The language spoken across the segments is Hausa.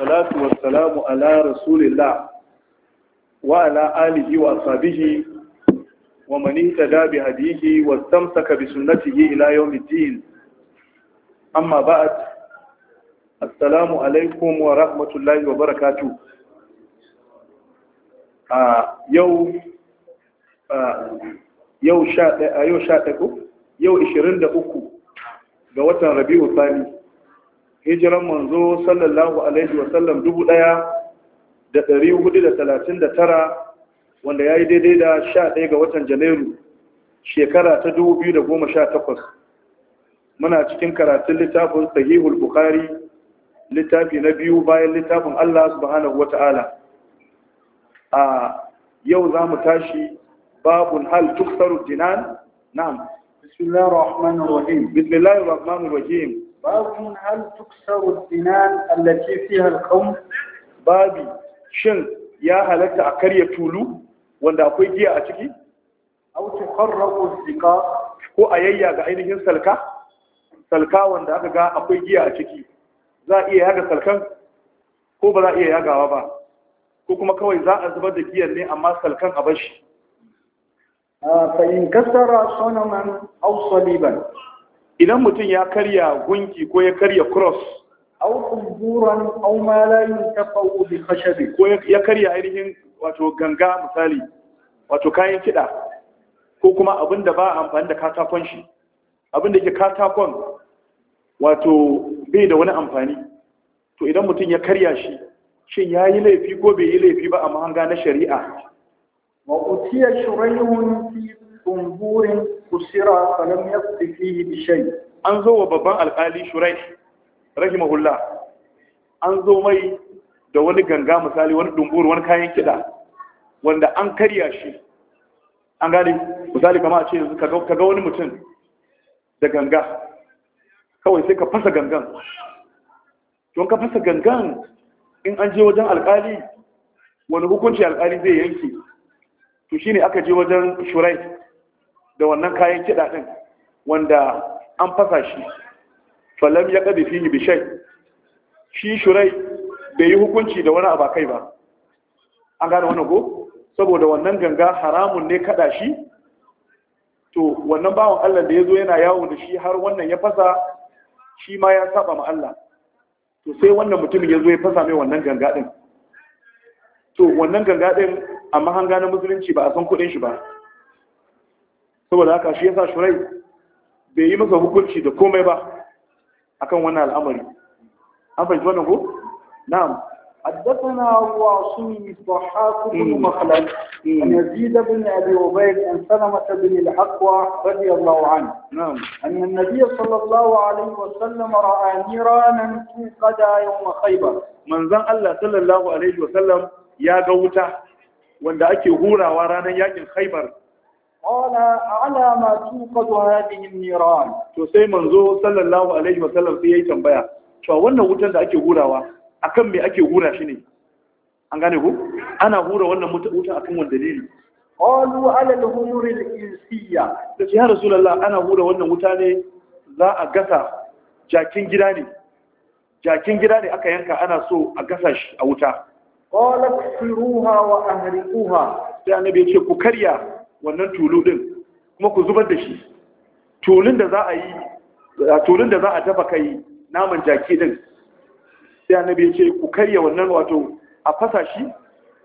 salatu wa ala rasulillah wa ala alihi wa ashabihi wa man ihtada bi hadihi wa istamsaka bi sunnatihi ila yawmiddin amma ba'd assalamu alaikum wa rahmatullahi wa barakatuh a yau yau 11 yau 23 ga watan rabi'u thani hijiran manzo sallallahu alaihi wasallam dubu ɗaya da dari hudu da talatin da tara wanda ya yi daidai da sha ɗaya ga watan janairu shekara ta dubu biyu da goma sha takwas muna cikin karatun littafin sahihul bukari littafi na biyu bayan littafin allah subhanahu wa ta'ala a yau za mu tashi babun hal tuksaru dinan na'am bismillahirrahmanirrahim rahmanir babu hal tuksaru dinan allati fiha alqawm babi shin ya halatta a karya tulu wanda akwai giya a ciki aw tukharraqu zika ko ayayya ga ainihin salka salka wanda aka ga akwai giya a ciki za a iya yaga salkan ko ba za a iya yagawa ba ko kuma kawai za a zubar da giyan ne amma salkan a bashi ah, fa in kasara sonaman aw saliban idan mutum ya karya gunki ko ya karya cross aw qumburan aw ma la bi khashabi ko ya karya ainihin wato ganga misali wato kayan kiɗa ko kuma abin da ba amfani da katakon shi abin da ke katakon wato bai da wani amfani to idan mutum ya karya shi shin ya yi laifi ko bai yi laifi ba a mahanga na shari'a wa utiya shuraihun fi kumburin kusira falam ya fi fihi bi shay an zo wa babban alƙali shurai rahimahullah an zo mai da wani ganga misali wani dumbur wani kayan kiɗa wanda an karya shi an gane misali kama a ce yanzu ka ga wani mutum da ganga kawai sai ka fasa gangan don ka fasa gangan in an je wajen alƙali wani hukunci alƙali zai yanki to shine aka je wajen shurai da wannan kayan kiɗa ɗin wanda an fasa shi falam ya fi yi bishai shi shurai bai yi hukunci da wani abakai ba an gane wani ko saboda wannan ganga haramun ne kaɗa shi to wannan bawan allah da ya zo yana yawo da shi har wannan ya fasa shi ma ya saba ma allah to sai wannan mutumin ya zo ya fasa mai wannan ganga ɗin to wannan ganga ɗin amma hanga na musulunci ba a san kuɗin shi ba saboda haka shi yasa shurai bai yi masa hukunci da komai ba akan wannan al'amari an fahimci wannan ko na'am حدثنا أبو عاصم الضحاك بن مخلد عن يزيد بن أبي عبيد عن سلمة بن الأقوى رضي الله عنه نعم أن النبي صلى الله عليه وسلم رأى نيرانا توقد يوم خيبر من ذن الله صلى الله عليه وسلم يا قوتا wanda ake hurawa ranar yakin khaibar Ƙola ala ma tuqadu hadhihi an-niran to sai manzo sallallahu alaihi wasallam sai yi tambaya cewa wannan wutar da ake hurawa akan mai ake hura shi ne an gane ku ana hura wannan wutar akan wanda ne ne. qalu ala da humur al Da to ya rasulullah ana hura wannan wuta ne za a gasa jakin gida ne jakin gida ne aka yanka ana so a gasa shi a wuta qala firuha wa ahriquha sai annabi ya ce ku karya wannan tulu din kuma ku zubar da shi tulun da za a yi tulun da za a dafa kai naman jaki din sai annabi ya ce ku karya wannan wato a fasa shi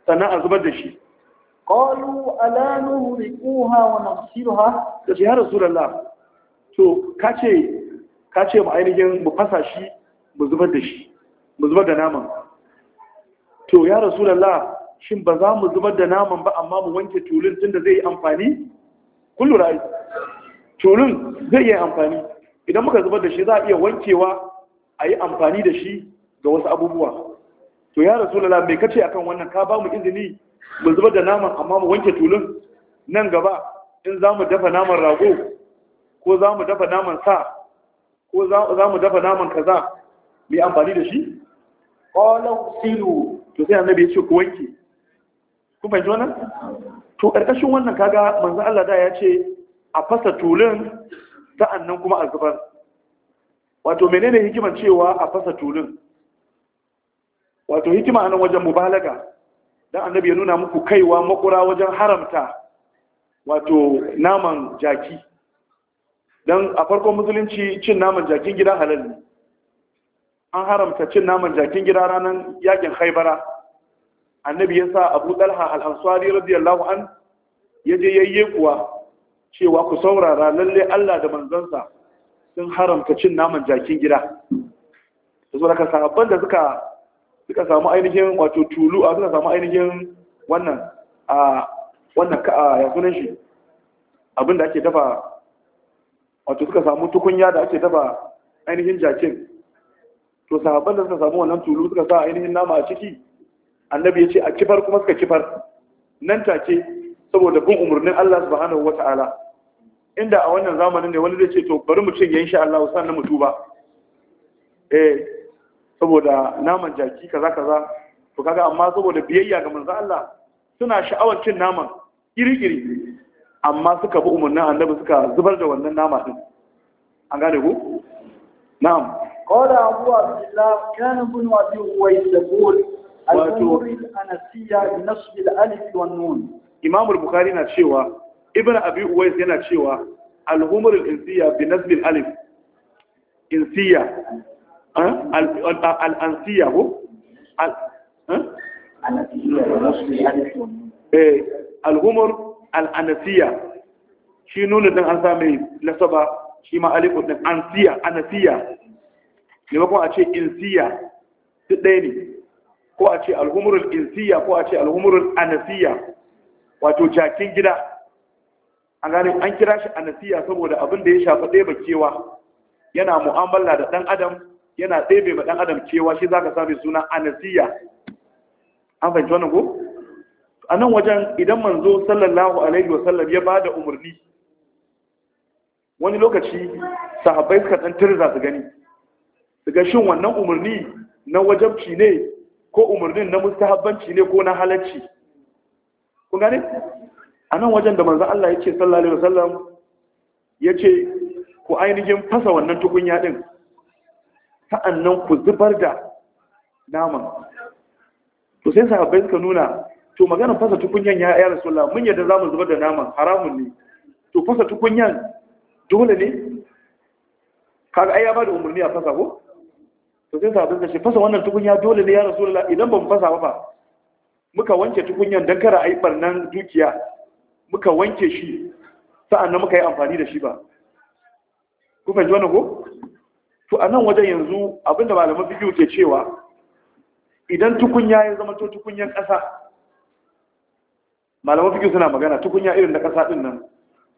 sannan a zubar da shi qalu ala nuhrikuha wa nafsiruha to ya rasulullah to kace kace mu ainihin mu fasa shi mu zubar da shi mu zubar da naman to ya rasulullah shin ba za mu zubar da naman ba amma mu wanke tulun tun da zai yi amfani kullu rai tulun zai yi amfani idan muka zubar da shi za a iya wankewa a yi amfani da shi ga wasu abubuwa to ya rasulullah me kace akan wannan ka ba mu izini mu zubar da naman amma mu wanke tulun nan gaba in za mu dafa naman rago ko za mu dafa naman sa ko za mu dafa naman kaza mu yi amfani da shi ƙwallon silu to sai annabi ya ce ku wanke kun fahimci wannan to ƙarƙashin wannan kaga manzo Allah da ya ce a fasa tulun sa'annan kuma a zubar wato menene hikiman cewa a fasa tulun wato hikima anan wajen mubalaga dan annabi ya nuna muku kaiwa makura wajen haramta wato naman jaki dan a farkon musulunci cin naman jakin gida halal ne an haramta cin naman jakin gida ranar yakin haibara annabi ya sa abu ɗalha al’ansuwari radiyallahu an ya je yayye kuwa cewa ku saurara lalle allah da manzansa sun haramta cin naman jakin gida da suka kan da suka samu ainihin wato tulu a suka samu ainihin wannan a wannan ka a sunan shi abin da ake dafa wato suka samu tukunya da ake dafa ainihin jakin to sahabban da suka samu wannan tulu suka sa ainihin nama a ciki annabi ya ce a kifar kuma suka kifar nan take saboda bin umarnin Allah subhanahu ta'ala inda a wannan zamanin ne wani zai ce to bari mu cin ya insha Allah sannan mu tuba eh saboda naman jaki kaza kaza to kaga amma saboda biyayya ga manzo Allah suna sha'awar cin naman iri-iri amma suka bi umarnin annabi suka zubar da wannan nama din an gane ku na'am qala abu abdullah kana ibn bi uwais yaqul wato Imam al-Bukhari na cewa Ibn Abi Uwais yana cewa al-humr al-insiya bi nasb al-alif insiya al-ansiya eh, al-humr al-ansiya shi nuna dan an same nasaba shi ma alif din ansiya ne ba kuma a ce insiya duk ɗaya ne ko a ce al’umurul insiya ko a ce al’umurul anasiya wato jakin gida an gane an kira shi anasiya saboda abin da ya shafa ɗebe kewa yana mu'amala da ɗan adam yana ɗebe ba ɗan adam cewa, shi za ka sami suna anasiya an fahimci wannan ko a nan wajen idan manzo sallallahu alaihi wa ya ya da umarni wani lokaci sahabbai suka ɗan tirza su gani daga shin wannan umarni na wajabci ne ko umarnin na mustahabbanci ne ko na halacci kun gane a nan wajen da manzan Allah ya ce sallallahu alaihi wasallam ya ku ainihin fasa wannan tukunya din sa'annan ku zubar da naman to sai sahabbai suka nuna to magana fasa tukunyan ya ayyara rasulullah mun yadda zamu zubar da naman haramun ne to fasa tukunyan dole ne kaga ai ya bada umarni a fasa ko to sai sabbin da shi fasa wannan tukunya dole ne ya rasu da idan ban fasa ba muka wanke tukunyan don kara a yi barnan dukiya muka wanke shi sa'an nan muka yi amfani da shi ba ku fahimci wannan ko to a nan wajen yanzu abinda malaman fikiyu ke cewa idan tukunya ya zama to tukunyan ƙasa malaman fikiyu suna magana tukunya irin da ƙasa ɗin nan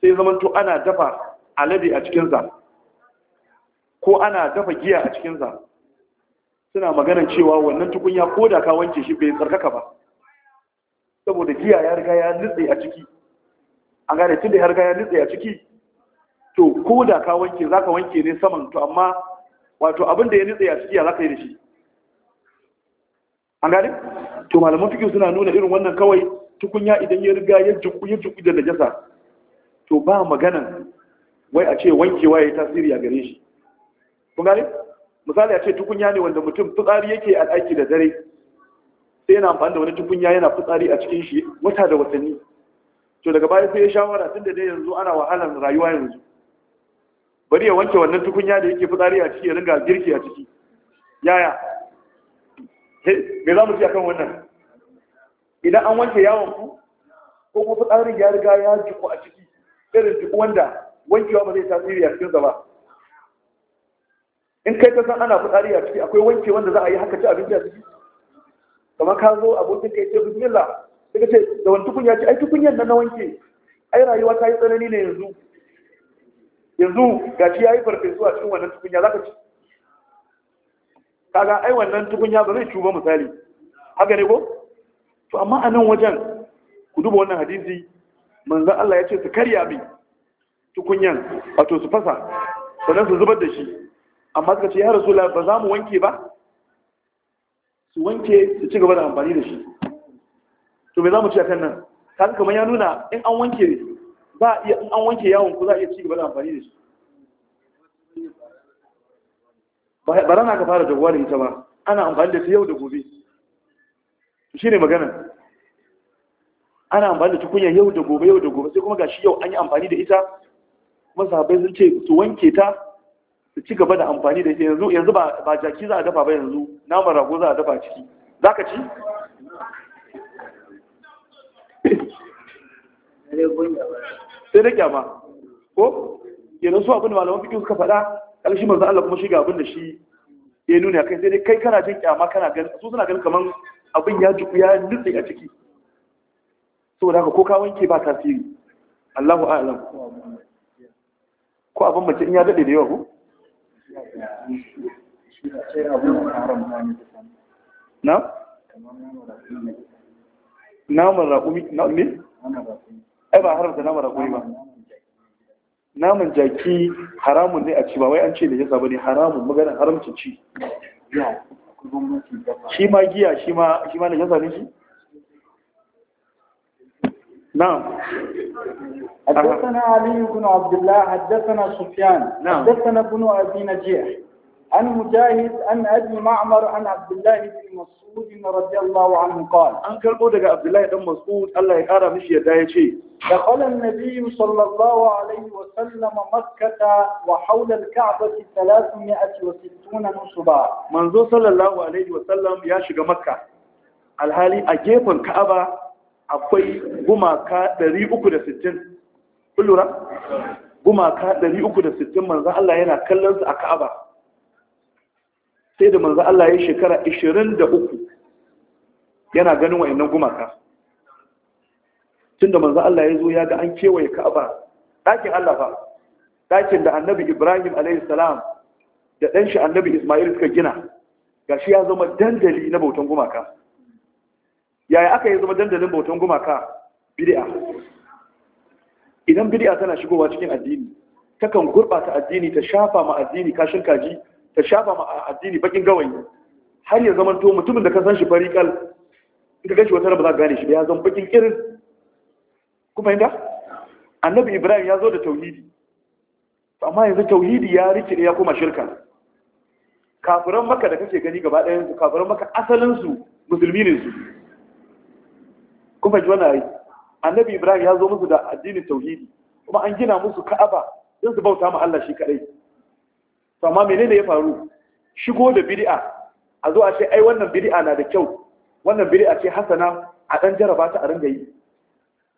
sai zama to ana dafa alade a cikinsa ko ana dafa giya a cikinsa suna maganan cewa wannan tukunya ko da ka wanke shi bai tsarkaka ba saboda giya ya riga ya nutse a ciki an gane tun da ya riga ya nutse a ciki to ko da ka wanke za ka wanke ne saman to amma wato abin da ya nutse a ciki ya za ka yi da shi an gane to malaman fikin suna nuna irin wannan kawai tukunya idan ya riga ya jiku ya jiku da najasa to ba magana wai a ce wankewa ya yi tasiri a gare shi kun gane misali a ce tukunya ne wanda mutum fitsari yake al'aiki da dare sai yana amfani da wani tukunya yana fitsari a cikin shi wata da watanni to daga baya sai ya shawara tun da dai yanzu ana wahalar rayuwa yanzu bari ya wanke wannan tukunya da yake fitsari a ciki ya ringa girki a ciki yaya me za mu ci akan wannan idan an wanke yawon ku ko kuma fitsarin ya riga ya jiku a ciki irin duk wanda wankewa ba zai tasiri a cikin ba in kai ka san ana fitsari a ciki akwai wanke wanda za a yi haka ci abinci a ciki kamar ka zo abokin kai ce bismillah sai ka ce da wani tukunya ce ai tukunyan nan na wanke ai rayuwa ta yi tsanani ne yanzu yanzu ga ci yayi farfesu a cikin wannan tukunya za ka ci kaga ai wannan tukunya ba zai ba misali haka ne ko to amma a nan wajen ku duba wannan hadisi manzon Allah ya ce su karya mai tukunyan wato su fasa sannan su zubar da shi amma suka ce ya rasula ba za mu wanke ba su wanke su ci gaba da amfani da shi to me za mu ci akan nan kan kamar ya nuna in an wanke a iya in an wanke yawon ku za a iya ci gaba da amfani da shi ba rana ka fara jagowa da ita ba ana amfani da ta yau da gobe shi ne magana ana amfani da tukunya yau da gobe yau da gobe sai kuma gashi yau an yi amfani da ita kuma sahabbai sun ce su wanke ta su ci gaba da amfani da yanzu yanzu ba jaki za a dafa ba yanzu naman rago za a dafa ciki za ka ci sai da kyama ko yanzu su abin da malaman fikin suka faɗa ƙarshe manzo Allah kuma shiga abin da shi ya nuna kai sai dai kai kana jin kyama kana gan. su suna gan kamar abin ya juku ya nutse a ciki saboda haka ko ka wanke ba tasiri Allahu a'lam ko abin mace in ya dade da yawa ko naman raƙumi ai ba naman raƙumi ba naman jaki haramun ne a ci ba wai an ce da yasa ba ne haramun maganin haramci ci shi ma giya shi ma da yasa ne shi? na حدثنا علي بن عبد الله حدثنا سفيان نعم. حدثنا ابن أبي نجيح عن مجاهد عن أبي معمر عن عبد الله بن مسعود رضي الله عنه قال عن كالبودك عبد الله بن مسعود الله يقرأ مش يدايشي دخل النبي صلى الله عليه وسلم مكة وحول الكعبة 360 نصبا منذ صلى الله عليه وسلم ياشق مكة الهالي أجيب الكعبة أقوي قمك 360 kullura gumaka 360 manzan Allah yana kallon su a Ka'aba sai da manzan Allah ya shekara 23 yana ganin wayannan gumaka tunda manzan Allah ya zo ya ga an kewaye Ka'aba ɗakin Allah fa ɗakin da Annabi Ibrahim alayhi salam da ɗan shi Annabi Isma'il suka gina gashi ya zama dandali na bautan gumaka yaya aka yi zama dandalin bautan gumaka bid'a idan bid'a tana shigowa cikin addini takan gurɓata addini ta shafa ma addini kashin kaji ta shafa ma addini bakin gawayi har ya zama to mutumin da ka san shi farikal in ka gashi wata raba za ka gane shi ya zama bakin irin kuma inda annabi ibrahim ya zo da tauhidi amma yanzu tauhidi ya rikide ya kuma shirka kafiran maka da kake gani gaba ɗayan su kafiran maka asalin su musulmi ne su kuma ji wani annabi ibrahim ya zo musu da addinin tauhidi kuma an gina musu ka'aba don su bauta ma Allah shi kadai to amma menene ya faru shigo da bid'a a zo a ce ai wannan bid'a na da kyau wannan bid'a ce hasana a dan jaraba ta a ringa yi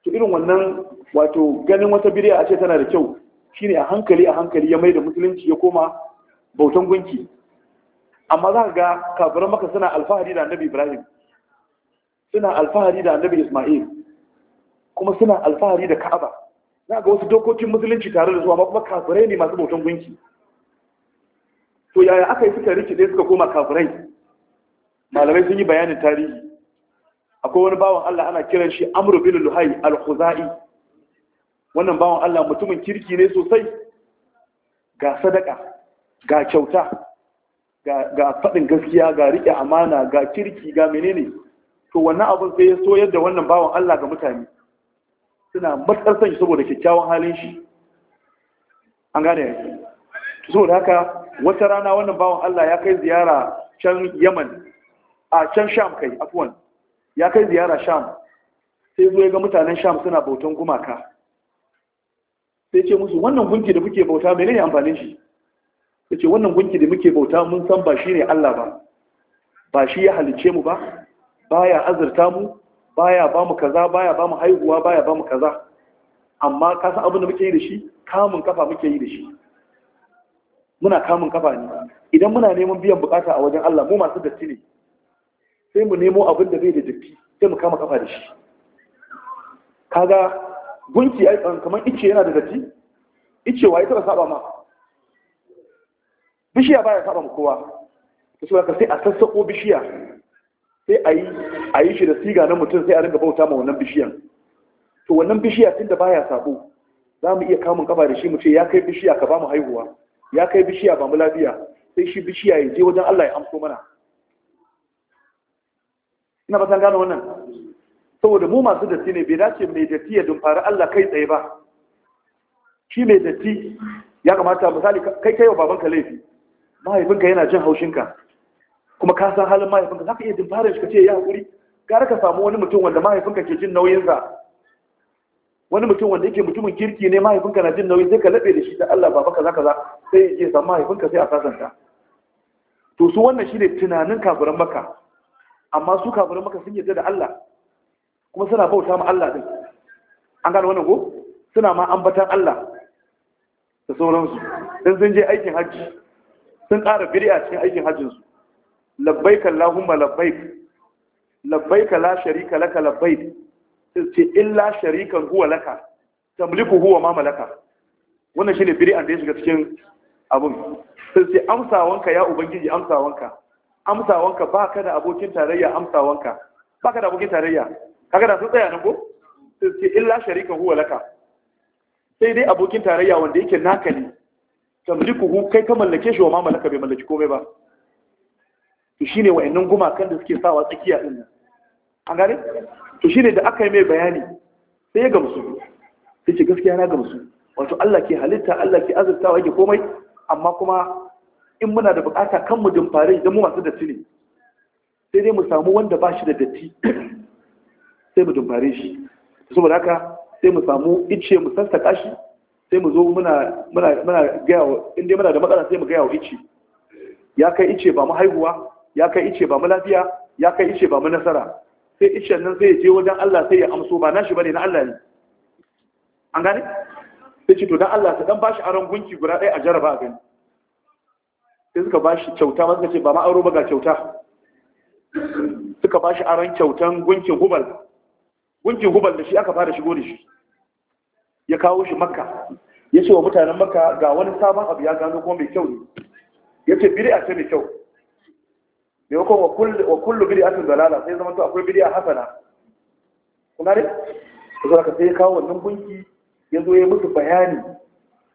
to irin wannan wato ganin wata bid'a a ce tana da kyau shine a hankali a hankali ya mai da musulunci ya koma bautan gunki amma za ka ga kafiran maka suna alfahari da annabi ibrahim suna alfahari da annabi isma'il kuma suna alfahari da ka'aba za ga wasu dokokin musulunci tare da su amma kuma kafirai ne masu bautan gunki to yaya aka yi suka rikide suka koma kafirai malamai sun yi bayanin tarihi akwai wani bawan Allah ana kiran shi Amr bin Luhai al-Khuzai wannan bawan Allah mutumin kirki ne sosai ga sadaka ga kyauta ga ga fadin gaskiya ga rike amana ga kirki ga menene to wannan abun sai ya soyar da wannan bawan Allah ga mutane suna matsar sanyi saboda kyakkyawan halin shi an gane ce saboda haka wata rana wannan bawan Allah ya kai ziyara can Yaman a can Sham kai afwan ya kai ziyara Sham sai zo ya ga mutanen Sham suna bautan gumaka sai ce musu wannan gunki da muke bauta mai menene amfanin shi ce wannan gunki da muke bauta mun san ba shi ne Allah ba ba shi ya halice mu ba Ba ya azurta mu baya ba mu kaza baya ba mu haihuwa baya ba mu kaza amma ka san abin da muke yi da shi kamun kafa muke yi da shi muna kamun kafa ne idan muna neman biyan bukata a wajen Allah mu masu datti ne sai mu nemo abin da bai da datti sai mu kama kafa da shi kaga gunki ai eh, kamar ice yana da datti ice wa ita ba saba ma bishiya baya saba mu kowa to sai ka sai a sassako bishiya sai a yi shi da siga na mutum sai a ringa bauta ma wannan bishiyan to wannan bishiya tun da baya sabo za mu iya kamun kafa da shi mu ce ya kai bishiya ka ba mu haihuwa ya kai bishiya ba mu lafiya sai shi bishiya ya je wajen Allah ya amso mana ina ba san gano wannan saboda mu masu datti ne bai dace mai datti ya dumfari Allah kai tsaye ba shi mai datti ya kamata misali kai kai wa babanka laifi mahaifinka yana jin haushinka kuma ka san halin mahaifinka za ka iya dimfarar shi ka ce ya haƙuri gara ka samu wani mutum wanda mahaifinka ke jin nauyinsa wani mutum wanda yake mutumin kirki ne mahaifinka na jin nauyi sai ka laɓe da shi da Allah baba kaza kaza sai ya samu mahaifinka sai a sasanta to su wannan shine tunanin kafiran maka amma su kafiran maka sun yarda da Allah kuma suna bauta ma Allah din an gane wannan ko suna ma ambatan Allah da sauransu dan sun je aikin hajji sun ƙara bid'a cikin aikin hajjinsu labbaik Allahumma labbaik labbaik la sharika laka labbaik ce illa sharikan huwa laka tamliku huwa ma malaka wannan shine bid'a da ya shiga cikin abun sai ce amsawanka ya ubangiji amsawanka amsawanka baka da abokin tarayya amsawanka baka da abokin tarayya kaga da sun tsaya nan ko sai ce illa sharikan huwa laka sai dai abokin tarayya wanda yake naka ne tamliku hu kai ka mallake shi wa ma malaka bai mallaki komai ba to shine wayannan gumakan da suke sawa tsakiya ɗin nan an gane to shine da aka yi mai bayani sai ya gamsu sai ce gaskiya na gamsu wato Allah ke halitta Allah ke azurtawa yake komai amma kuma in muna da bukata kan mu dimfare idan mu masu datti ne sai dai mu samu wanda ba shi da datti sai mu dimfari shi saboda haka sai mu samu ice mu sassaka shi sai mu zo muna muna muna ga yawa inda muna da matsala sai mu gaya wa ice ya kai ice ba mu haihuwa ya kai ice ba mu lafiya ya kai ice ba mu nasara sai icen nan sai ya je wajen Allah sai ya amso ba nashi bane na Allah ne an gane sai ce to dan Allah ta dan bashi aron gunki guda ɗaya a jaraba a gani sai suka bashi kyauta ba suka ce ba ma aro ba ga kyauta suka bashi aron kyautan gunkin hubal gunkin hubal da shi aka fara shigo da shi ya kawo shi makka ya ce wa mutanen makka ga wani sabon abu ya gano kuma mai kyau ne ya ce biri a ce mai kyau da yau kuma wa kullu bidi asin dalala sai zama to akwai bidi a hasana kuna ne da ka sai kawo wannan gunki ya zo ya musu bayani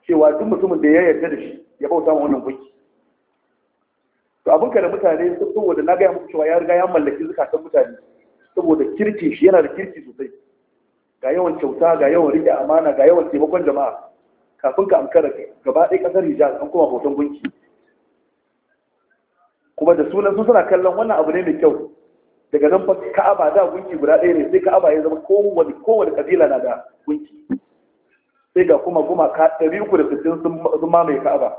cewa duk mutumin da ya yarda da shi ya bauta ma wannan gunki to abin ka da mutane saboda na gaya muku cewa ya riga ya mallaki zukatan mutane saboda kirki shi yana da kirki sosai ga yawan kyauta ga yawan riƙe amana ga yawan taimakon jama'a kafin ka amkara gaba ɗaya ƙasar hijaz an kuma hoton gunki kuma da sunan su suna kallon wannan abu ne mai kyau daga nan ka'aba da gunki guda ɗaya ne sai ka'aba ya zama kowane kowane kabila na da gunki sai ga kuma gumaka ɗari uku da sittin sun mamaye ka'aba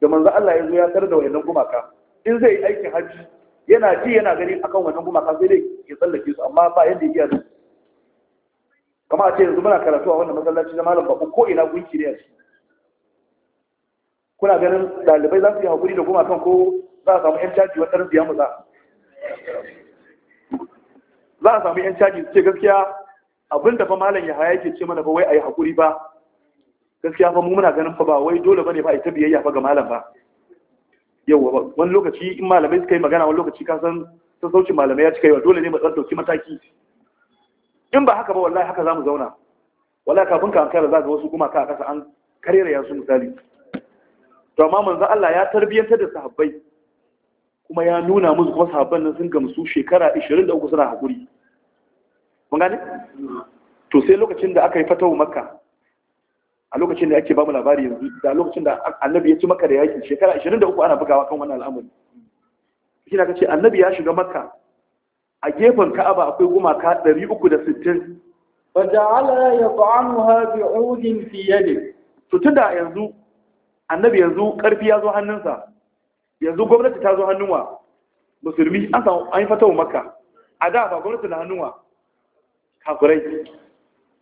da manzo Allah ya zo ya tarar da wayannan gumaka in zai yi aikin hajji yana ji yana gani akan wannan gumaka sai dai ya tsallake su amma ba yadda ya iya kama a ce yanzu muna karatu a wannan masallaci na malam babu ko ina gunki ne a ciki kuna ganin ɗalibai za su yi hakuri da gumakan ko za a samu yan caji wata rinsu ya mutsa za a samu yan caji ce gaskiya abin da fa malam ya haya ke ce mana ba wai a yi haƙuri ba gaskiya fa mu muna ganin fa ba wai dole ne ba a yi ta biyayya fa ga malam ba yau wani lokaci in malamai suka yi magana wani lokaci ka san sassaucin malamai ya cika wa dole ne mu ɗan ɗauki mataki in ba haka ba wallahi haka za mu zauna wallahi kafin ka da za ga wasu kuma ka a kasa an karera ya misali to amma manzo Allah ya tarbiyyantar da sahabbai kuma ya nuna musu kuma sahabban nan sun gamsu shekara 23 suna haƙuri mun gane to sai lokacin da aka yi fatawa makka a lokacin da ake ba mu labari yanzu da lokacin da annabi ya ci makka da yaki shekara 23 ana bugawa kan wannan al'amari shi na kace annabi ya shiga makka a gefen ka'aba akwai gumaka 360 fa ja'ala yat'anuha bi'udin fi yadi to tunda yanzu annabi yanzu karfi ya zo hannunsa yanzu gwamnati ta zo hannuwa musulmi an samu an yi fatawa maka a da ba gwamnati na hannuwa kafirai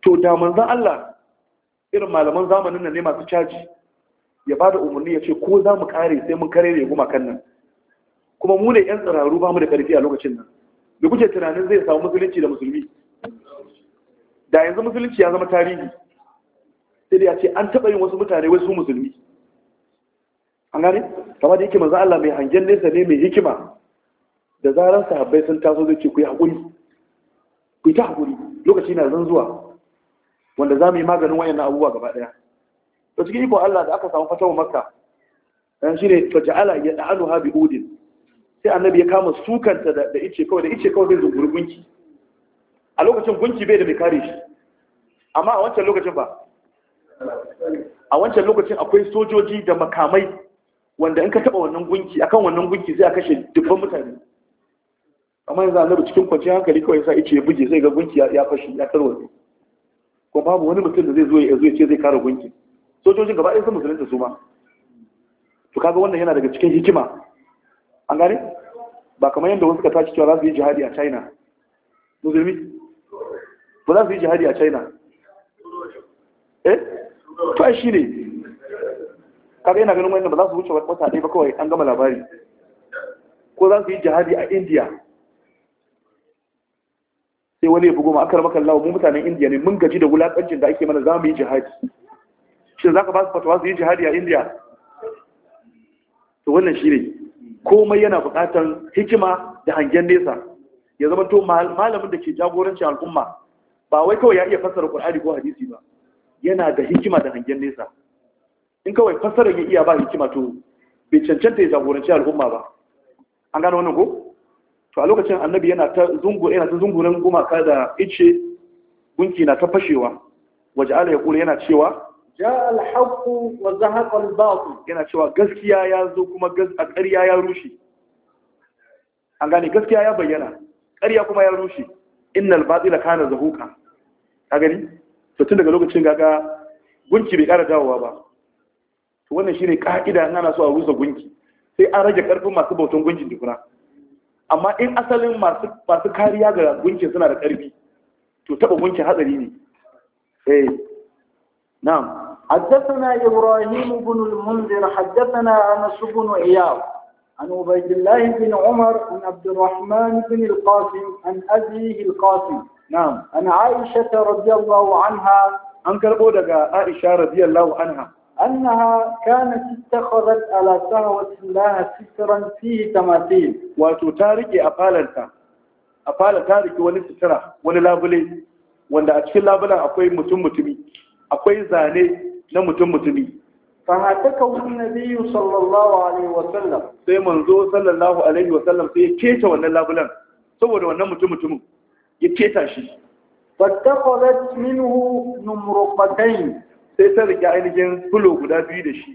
to da manzan Allah irin malaman zamanin nan ne masu caji ya ba da umarni ya ce ko za mu kare sai mun kare ne goma kan nan kuma mu ne 'yan tsararru ba mu da karfi a lokacin nan da kuke tunanin zai samu musulunci da musulmi da yanzu musulunci ya zama tarihi sai da ya ce an taɓa yin wasu mutane wai su musulmi an gane kamar da yake manzo Allah mai hangen nesa ne mai hikima da zaran sahabbai sun taso zai ce ku yi haƙuri ku yi ta haƙuri lokaci na zan zuwa wanda za mu yi maganin na abubuwa gaba ɗaya to cikin iko Allah da aka samu fatawa makka dan ne fa ja'ala yad'aluha bi udin sai annabi ya kama sukanta da ice kawai da ice kawai zai zuburi gunki a lokacin gunki bai da mai kare shi amma a wancan lokacin ba a wancan lokacin akwai sojoji da makamai wanda in ka taba wannan gunki akan wannan gunki zai a kashe dubban mutane amma yanzu annabi cikin kwanciyar hankali kawai sa ice ya buge zai ga gunki ya fashi ya tarwatsi ko babu wani mutum da zai zo ya zo ya ce zai kare gunki sojojin gaba ɗaya sun musulunta su ma to kaga wannan yana daga cikin hikima an gane ba kamar yadda wasu ka tashi cewa za su yi jihadi a china musulmi ba za su yi jihadi a china eh to shi ne kaga yana ganin wannan ba za su wuce wata ɗaya ba kawai an gama labari ko za su yi jihadi a indiya sai wani ya bugu ma akar maka lawa mun mutanen indiya ne mun gaji da wulaƙancin da ake mana za mu yi jihadi shi za ka ba su fatawa su yi jihadi a indiya to wannan shi ne komai yana buƙatar hikima da hangen nesa ya zama to malamin da ke jagorancin al'umma ba wai kawai ya iya fassara ƙur'ani ko hadisi ba yana da hikima da hangen nesa in kawai fassara ya iya ba hikima to bai cancanta ya jagoranci al'umma ba an gano wannan ko to a lokacin annabi yana ta zungu yana ta zungunan ka da ice gunki na ta fashewa waje ala ya kula yana cewa ja alhaku wa zahaqa albatil yana cewa gaskiya ya zo kuma gaskiya ya rushe an gane gaskiya ya bayyana ƙarya kuma ya rushe innal batila kana zahuka ka gani to tun daga lokacin gaga gunki bai ƙara dawowa ba to wannan shine ka'ida ana so a rusa gunki sai an rage karfin masu bautan gunkin tukuna amma in asalin masu kariya ga gunkin suna da karfi to taba gunkin hatsari ne eh na'am حدثنا إبراهيم بن المنذر حدثنا أنس بن إياب عن عبيد الله بن عمر بن عبد الرحمن بن القاسم عن القاسم نعم عن عائشه رضي الله عنها عن كربو دقاء رضي الله عنها أنها كانت اتخذت على سهوة الله سترا فيه تماثيل وتتارك أفالتا أفال تارك ونسترة ونلابلي وأن أتكل لابلا أقوي متمتمي أقوي زاني نمتمتمي فهاتكه النبي صلى الله عليه وسلم sai manzo sallallahu alaihi wasallam sai ya keta wannan labulan saboda wannan mutum-mutumin ya keta shi fattakhadhat minhu numraqatayn sai ta rike ainihin fulo guda biyu da shi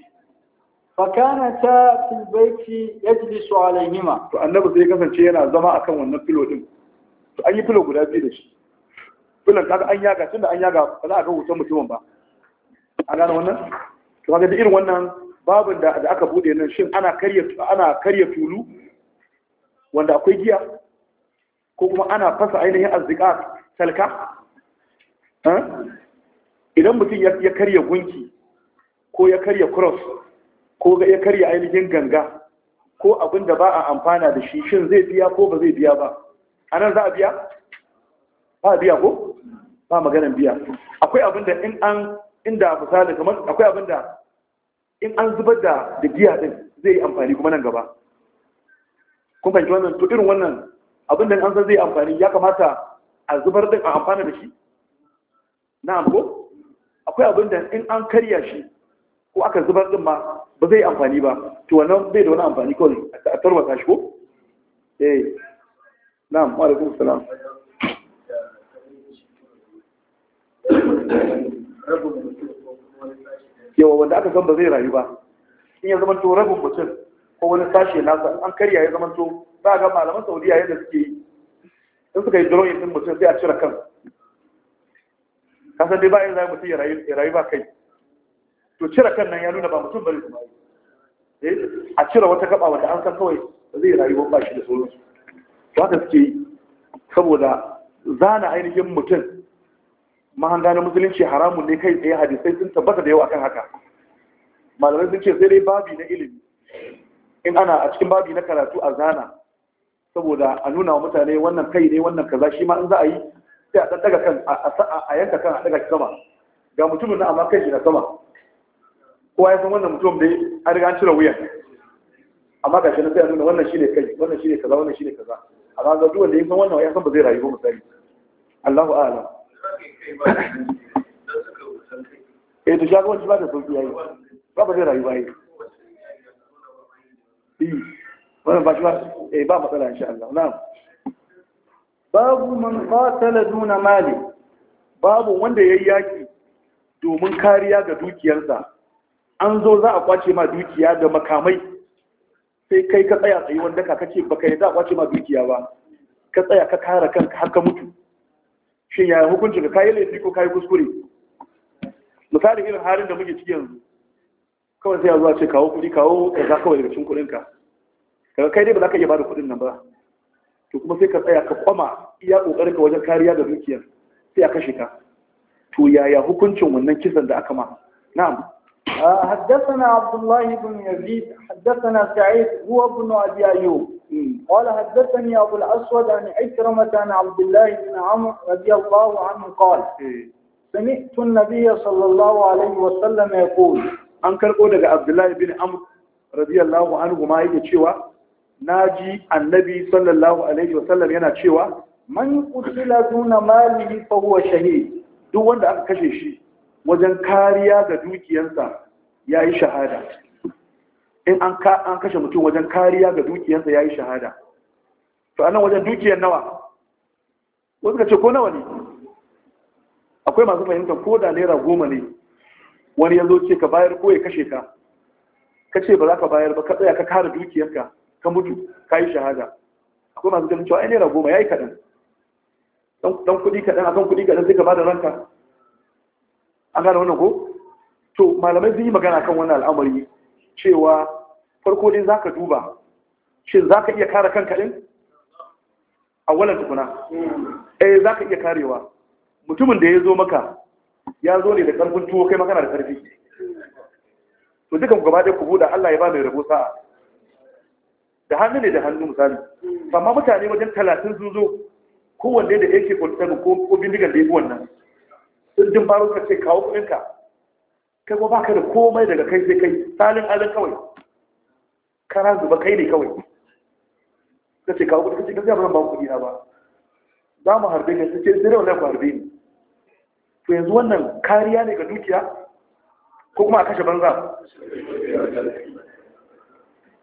fakana ta filbaiki ya jili su alayhima to annabi sai kasance yana zama akan wannan filo din to an yi filo guda biyu da shi filon kaga an yaga tun da an yaga ba za a ga hoton mutumin ba a gane wannan to ga da irin wannan babin da aka bude nan shin ana karya ana karya tulu wanda akwai giya ko kuma ana fasa ainihin azzika talka idan mutum ya karya gunki ko ya karya cross ko ya karya ainihin ganga ko abin da ba a amfana da shi shin zai biya ko ba zai biya ba a nan za a biya? ba a biya ko? ba maganin biya akwai abin da in an inda misali kamar akwai abin da in an zubar da da giya din zai yi amfani kuma nan gaba kun fahimci wannan to irin wannan abin da an san zai amfani ya kamata a zubar din a amfana da shi na ko? akwai abin da in an karya shi ko aka zubar din ma ba zai amfani ba to wannan bai da wani amfani kawai a tarwata shi ko eh na'am wa alaikum salam yawa wanda aka san ba zai rayu ba in ya zamanto rabin mutum ko wani sashe nasa an karya ya zamanto to za a ga malaman saudiya yadda suke yi in suka yi drawing din mutum sai a cire kan kasan dai bayan zai mutum ya rayu ba kai to cire kan nan ya nuna ba mutum bari kuma yi eh, a cire wata gaba wata an san kawai ba zai rayu ba shi da sauransu to haka suke yi saboda zana ainihin mutum mahanga musulunci haramun ne kai tsaye hadisai sun tabbata da yawa akan haka malamai sun ce sai dai babi na ilimi in ana a cikin babi na karatu a zana saboda a nuna wa mutane wannan kai ne wannan kaza shi ma in za a yi sai a ɗaga kan a yanka kan a ɗaga shi sama ga mutumin na amma kai shi na sama kowa ya san wannan mutum da an riga an cire wuyan amma ga shi na sai a nuna wannan shi ne kai wannan shi ne kaza wannan shi ne kaza amma ga duk wanda ya san wannan ya san ba zai rayu ba misali Allahu a'lam eh to shago ba da sauki yayi ba ba zai rayu ba yi eh, wannan ba shi ba eh ba matsala insha Allah na'am babu man qatala duna mali babu wanda yayi yaki domin kariya ga dukiyarsa an zo za a kwace ma dukiya da makamai sai kai ka tsaya tsayi wanda ka kace baka za a kwace ma dukiya ba ka tsaya ka kare kanka har ka mutu shin ya hukuncin ka kai laifi ko kai kuskure misali irin halin da muke ciki yanzu kawai sai a zuwa ce kawo kuɗi kawo ka za kawai daga cikin kuɗinka kaga kai dai ba za ka iya bada kuɗin nan ba to kuma sai ka tsaya ka kwama iya kokarin ka wajen kariya da dukiyar sai a kashe ka to yaya hukuncin wannan kisan da aka ma na'am حدثنا عبد الله بن يزيد حدثنا سعيد هو ابن ابي ايوب قال حدثني ابو الاسود عن عكرمه عن عبد الله بن عمرو رضي الله عنه قال سمعت النبي صلى الله عليه وسلم يقول an karɓo daga abdullahi bin amr radiyallahu anhu ma yake cewa naji annabi sallallahu alaihi wasallam yana cewa man qutila duna malihi fa huwa shahid duk wanda aka kashe shi wajen kariya ga dukiyarsa yayi shahada in an ka an kashe mutum wajen kariya ga dukiyarsa yayi shahada to anan wajen dukiyar nawa wasu ka ce ko nawa ne akwai masu fahimta ko da naira goma ne wani ya zo ce ka bayar ko ya kashe ka ka ce ba za ka bayar ba ka tsaya ka kare dukiyarka ka mutu ka yi shahada akwai masu ganin cewa ainihin naira goma ya yi kaɗan dan kuɗi kaɗan kan kuɗi kaɗan sai ka da ranka an gane wannan ko to malamai sun yi magana kan wannan al'amari cewa farko dai zaka duba shin zaka iya kare kanka ɗin a wannan tukuna eh zaka iya karewa mutumin da ya zo maka ya zo ne da karfin tuwo kai magana da karfi to dukan gaba ɗaya ku buɗe Allah ya ba mai rabo sa'a da hannu ne da hannu misali amma mutane wajen talatin zuzo ko kowanne da yake kwalitar ko bindigar da ya wannan sun jin baro ka ce kawo kuɗinka kai ba ka da komai daga kai sai kai salin azan kawai kana zuba kai ne kawai ka ce kawo kuɗi ka ce ka zama ba kuɗi na ba za mu harbe ne ta ce sai da wallahi ku harbe ni to yanzu wannan kariya ne ga dukiya ko kuma a kashe banza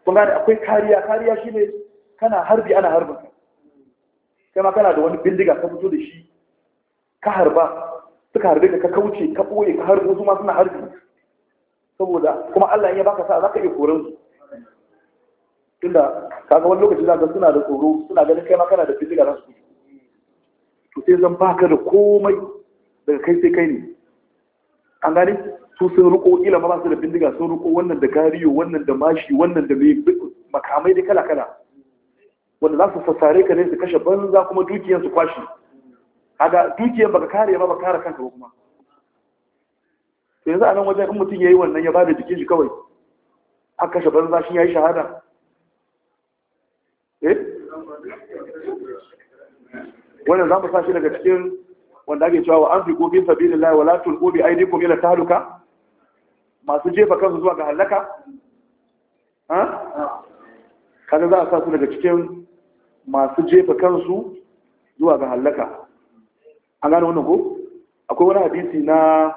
kun gane akwai kariya kariya shi ne. kana harbi ana harbin ka ma kana da wani bindiga ka fito da shi ka harba suka harbe ka ka kauce ka ɓoye ka harbe. su ma suna harbi saboda kuma Allah in ya baka sa za ka iya koran su tunda kaga wani lokaci zaka suna da tsoro suna ganin kai ma kana da bindiga za su to sai zan baka da komai daga kai sai kai ne an gani su sun riko ila ma ba su da bindiga sun riko wannan da gariyo wannan da mashi wannan da mai makamai da kala kala wanda za su sassare ka ne su kashe banza kuma dukiyan su kwashi kaga dukiyan baka kare ba ba kare kanka ba kuma Sai yanzu a nan wajen in mutum yayi wannan ya bada jikin shi kawai an kashe banza shi yayi shahada eh wannan za mu sa shi daga cikin wanda ake cewa wa an fi sabilillahi wa la tulqu bi aydikum ila tahluka masu jefa kansu zuwa ga halaka ha kada za a sa su daga cikin masu jefa kansu zuwa ga halaka an gane wannan ko akwai wani hadisi na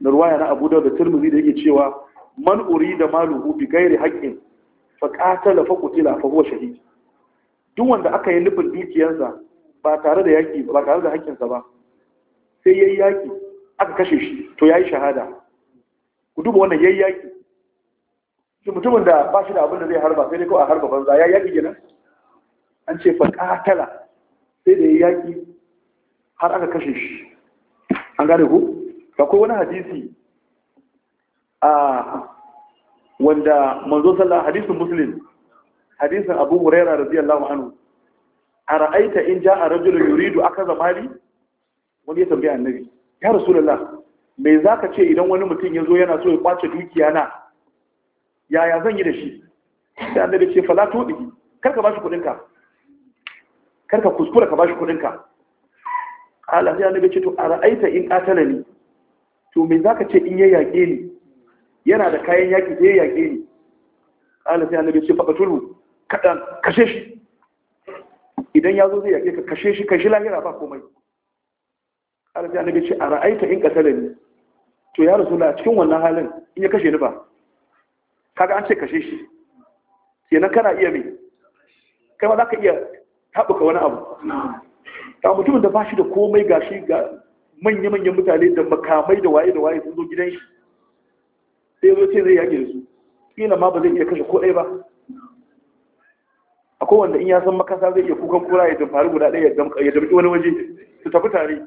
na ruwaya na Abu Dawud da Tirmidhi da yake cewa man urida maluhu bi ghairi haqqin fa qatala fa qutila fa huwa shahid duk wanda aka yi nufin dukiyarsa ba tare da yaki ba tare da haƙƙinsa ba sai yayi yaƙi aka kashe shi to yayi shahada ku duba wannan yayi yaƙi shi mutumin da ba shi da abin da zai harba sai dai kawai a harba banza ya yaƙi kenan an ce fa ƙatala sai da yayi yaƙi har aka kashe shi an gane ku akwai wani hadisi a wanda manzo sallallahu hadisin muslim hadisin abu hurairah radiyallahu anhu a ra'aita in ja a rajulun yuridu aka ri wani ya tambaya annabi ya rasulullah me za ka ce idan wani mutum ya zo yana so ya kwace dukiya na yaya zan yi da shi sai annabi ce fala to ɗiki karka ba shi kuɗinka karka kuskura ka ba shi kuɗinka ala sai annabi ce to a ra'aita in ƙatala ni to me za ka ce in ya yaƙe ni yana da kayan yaƙi sai ya yaƙe ni ala sai annabi ce faɗa tulu kaɗan kashe shi idan ya zo zai yake ka kashe shi kashi lahira ba komai ala sai annabi ce a ra'aita in da ni to ya rasu rasulullah cikin wannan halin in ya kashe ni ba kaga an ce kashe shi kenan kana iya me kai ma za ka iya haɓuka wani abu ta mutumin da ba shi da komai ga shi ga manya-manyan mutane da makamai da waye da waye sun zo gidan shi sai zo ce zai yaƙi da su Ina ma ba zai iya kashe ko ɗaya ba akwai wanda in ya san makasa zai iya kukan kura ya damfari guda ɗaya ya damki wani waje su tafi tare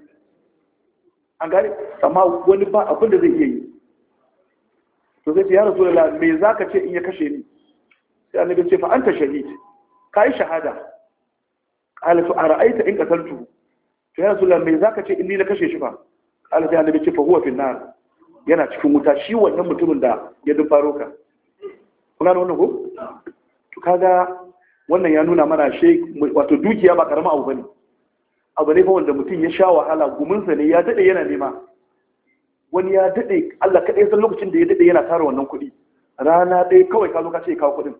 an gane amma wani ba abin da zai iya yi to sai ya rasu da me za ka ce in ya kashe ni sai an ce fa ta shahid ka yi shahada qala a ra'aita in qataltu to yana su da me za ka ce in ni na kashe shi fa qala sai annabi ce fa huwa fil yana cikin wuta shi wannan mutumin da ya dumfaro ka kun da wannan ko to kaga wannan ya nuna mana shi wato dukiya ba karama abu bane abu ne fa wanda mutum ya sha wahala sa ne ya dade yana nema wani ya dade Allah kadai san lokacin da ya dade yana tara wannan kuɗi rana ɗaya kawai ka lokaci ka ce kawo kuɗin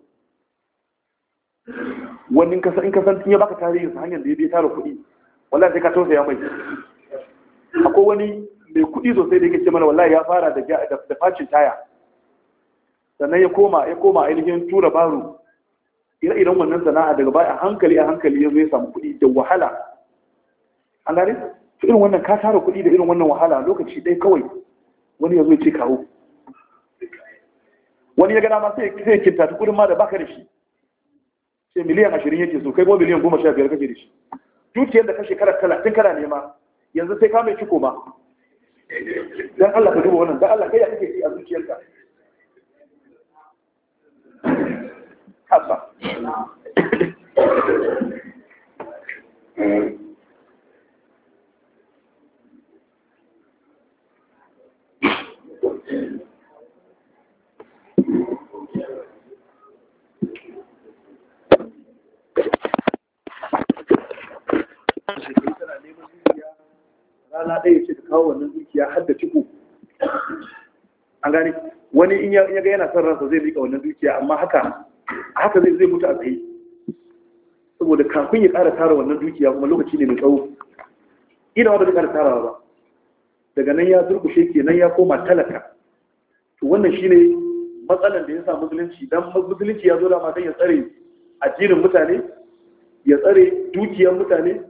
wani in ka san in ka san tun ya baka tarihin hanyar da ya tara kuɗi wallahi sai ka ya mai akwai wani mai kuɗi sosai da yake ce mana wallahi ya fara da da facin taya sannan ya koma ya koma ainihin tura baro ire-iren wannan sana'a daga baya hankali a hankali ya zo ya samu kuɗi da wahala an gane su irin wannan ka tara kuɗi da irin wannan wahala lokaci ɗaya kawai wani ya zo ya ce kawo wani ya gana ma sai ya kinta ta kuɗin ma da baka da shi sai miliyan ashirin yake so kai ko miliyan goma sha biyar kake da shi dukiyar da ka shekara talatin kana nema yanzu sai ka mai ciko ma dan Allah ka duba wannan dan Allah kai ya kake a zuciyarka haba rana ɗaya ce ta kawo wannan dukiya har da ciko an gane wani in ya ga yana son ransa zai rika wannan dukiya amma haka haka zai zai mutu a tsaye saboda kafin ya kara tara wannan dukiya kuma lokaci ne mai tsawo ina wanda zai ƙara tarawa ba daga nan ya durkushe nan ya koma talaka to wannan shine matsalan da ya sa musulunci dan musulunci ya zo da matan ya tsare addinin mutane ya tsare dukiyar mutane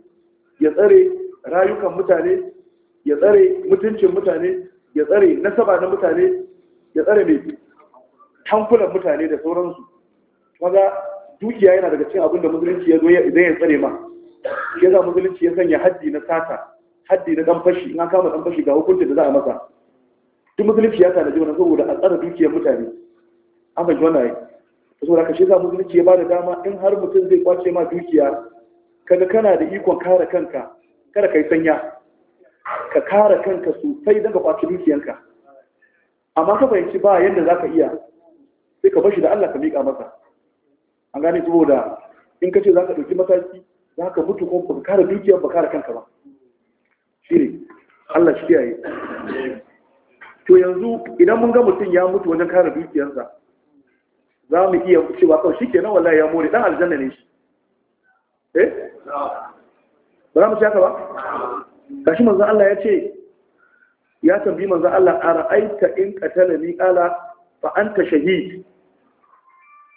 ya tsare rayukan mutane ya tsare mutuncin mutane ya tsare nasaba na mutane ya tsare mai tankulan mutane da sauransu kaga dukiya yana daga cikin abin da musulunci ya zo idan ya tsare ma shi yasa musulunci ya sanya haddi na sata haddi na dan fashi in kama dan fashi ga hukuncin da za a masa duk musulunci ya tanaji wannan saboda a tsara dukiyar mutane an fahimci wannan ai saboda ka shi musulunci ya bada dama in har mutum zai kwace ma dukiya kaga kana da ikon kare kanka kada kai sanya ka kare kanka sosai don ka kwace dukiyanka amma ka fahimci ba yadda za ka iya sai ka bashi da Allah ka miƙa masa an gane da in ka ce za ka ɗauki mataki za ka mutu ko ba kare dukiya ba kare kanka ba shi ne allah shi yi. to yanzu idan mun ga mutum ya mutu wajen kare dukiyarsa za mu iya cewa kawai oh, shi kenan wallahi ya more dan aljanna ne shi eh ba za mu haka ba shi manzan Allah ya ce ya tambayi manzan Allah aita in ka ni ala fa anta shahid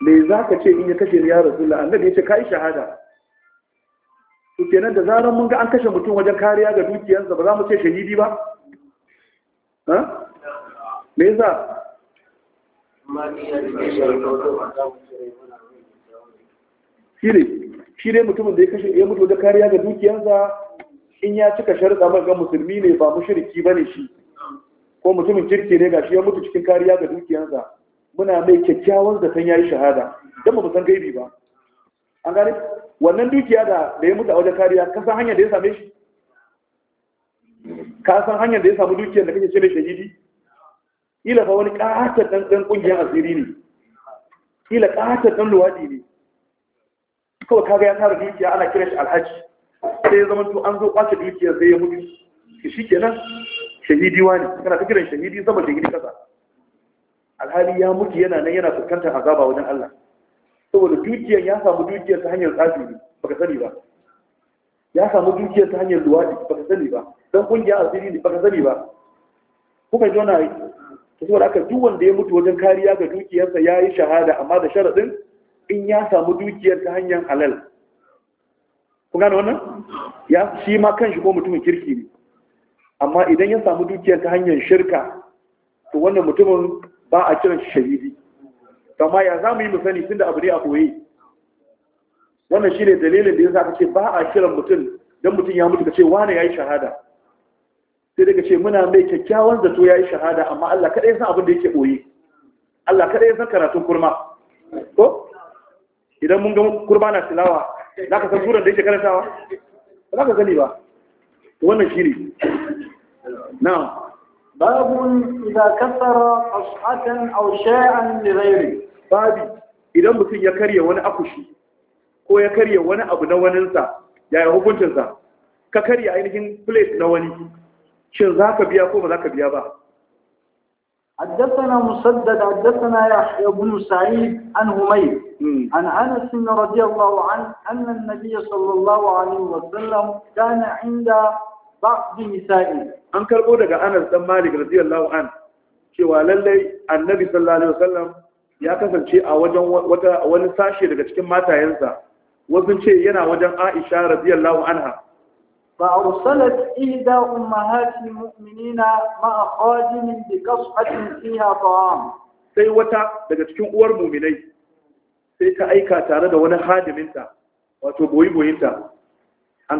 mai za ka ce in ya kashe ya rasulullah annabi ya ce ka yi shahada to kenan da zarar mun ga an kashe mutum wajen kariya ga dukiyarsa ba za mu ce shahidi ba me za? shire shi mutumin da ya kashe ya mutu wajen kariya ga dukiyarsa in ya cika sharuɗa ba ga musulmi ne ba ba ne shi ko mutumin kirki ne ga shi ya mutu cikin kariya ga dukiyarsa muna mai kyakkyawar da ya yi shahada dan ba mu san gaibi ba an gane wannan dukiya da da ya mutu a wajen kariya ka san hanyar da ya same shi ka san hanyar da ya samu dukiyar da kake ce mai shahidi ila fa wani ƙatar ɗan dan ƙungiyar asiri ne ila ƙatar ɗan luwaɗi ne kawai kaga ya tara dukiya ana kira shi alhaji sai ya zama to an zo kwace dukiyar sai ya mutu shi kenan shahidi wani kana ta kiran shahidi sama shahidi kasa alhali ya mutu yana nan yana fuskantar azaba wajen Allah saboda dukiyar ya samu dukiyar ta hanyar tsafi ne baka sani ba ya samu dukiyar ta hanyar luwadi baka sani ba dan kungiya asiri ne baka sani ba kuka ji wani ta saboda aka duk wanda ya mutu wajen kariya ga dukiyarsa ya yi shahada amma da sharaɗin in ya samu dukiyar ta hanyar halal kun gane wannan ya shi ma kan shi ko mutumin kirki ne amma idan ya samu dukiyar ta hanyar shirka to wannan mutumin ba a kiran shi shahidi kama ya za mu yi musani tun da abu ne a koyi wannan shi ne dalilin da ya sa ce ba a kiran mutum don mutum ya mutu ka ce wane ya yi shahada sai daga ce muna mai kyakkyawan zato ya yi shahada amma Allah kaɗai ya san abin da yake ɓoye Allah kaɗai ya san karatun kurma ko idan mun ga kurma na silawa za ka san suran da yake karantawa ba za ka gani ba wannan shi ne na'am باب إذا كسر أصحة أو شاء لغيره باب إذا مثل يكري وانا أكشي ko ya karya wani abu na waninsa yaya hukuncinsa ka karya ainihin plate na wani shin za ka biya ko ba za ka biya ba حدثنا مسدد حدثنا يحيى بن سعيد عن همير عن انس رضي الله عنه ان النبي صلى الله عليه وسلم كان عند ba bin nisa'i an karbo daga anas dan malik radiyallahu an cewa lallai annabi sallallahu alaihi wasallam ya kasance a wajen wata wani sashe daga cikin matayensa wasu ce yana wajen aisha radiyallahu anha fa arsalat ihda ummahati mu'minina ma'a qadimin bi qas'atin fiha ta'am sai wata daga cikin uwar mu'minai sai ta aika tare da wani hadiminta wato boyi boyinta an